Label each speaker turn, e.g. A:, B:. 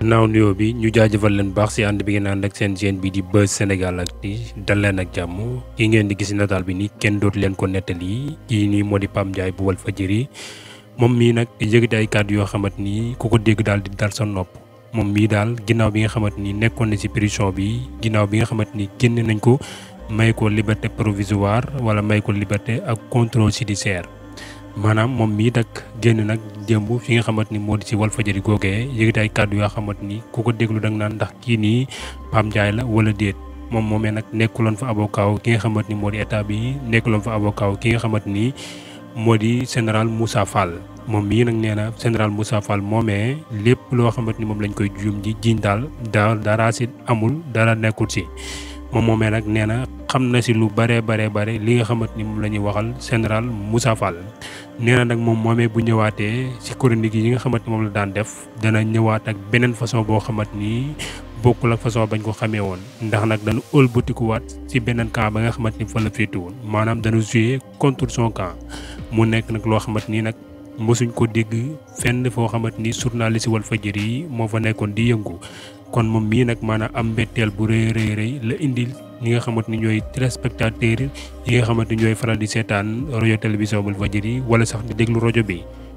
A: naaw nuyoo bi ñu jaajëfal leen baax si ànd bi ngeen ànd ak seen chaîne bi di Buzz Sénégal ak di dal leen ak jàmm kii ngeen di gis nataal bi ni kenn dootu leen ko nettali kii nii moo di pam jaay bu wal fa Walfadjri moom mii nag yëkkati ay kàddu yoo xamante ni ku ko dégg daal di dal sa nopp moom mii daal ginnaaw bi nga xamante ni nekkoon na si prison bi ginnaaw bi nga xamante ni génn nañ ko may ko liberté provisoire wala may ko liberté ak contrôle judiciaire maanaam moom mii nag génn nag démb fi nga xamante ni moo di ci wal googee yëgati ay kàddu yoo xamante ni ku ko déglu da naan ndax kii nii Pam Ndiaye la wala déet moom moomee nag nekkuloon fa avocat ki nga xamante ni moo di état bi nekkuloon fa avocat ki nga xamante ni moo di général Moussa moom mii nag nee na général Moussa Fall moomee lépp loo xamante ni moom lañ koy juum ji jiiñ daal dara dara si amul dara nekkul si. moom moomee nag nee na xam na si lu bare bare bare li nga xamante ni moom la ñuy waxal général Moussa Fall nee na nag moom moomee bu ñëwaatee si chronique yi nga xamante ni moom la daan def dana ñëwaat ak beneen façon boo xamante ni bokkul ak façon bañ ko xamee woon ndax nag dañu ëlbatikuwaat si beneen camp ba nga xamante ni fa la féete woon maanaam dañu jouer contre son camp mu nekk nag loo xamante nii nag mosuñ ko dégg fenn foo xamante ni journaliste Walfadjri yi moo fa nekkoon di yëngu kon moom mii nag maanaam am mbetteel bu rëy rëy rëy la indi ñi nga xamante ni ñooy téléspectateurs yi nga xamante ni ñooy faral di seetaan rajo télévision Walfadjri yi wala sax di déglu rajo bi.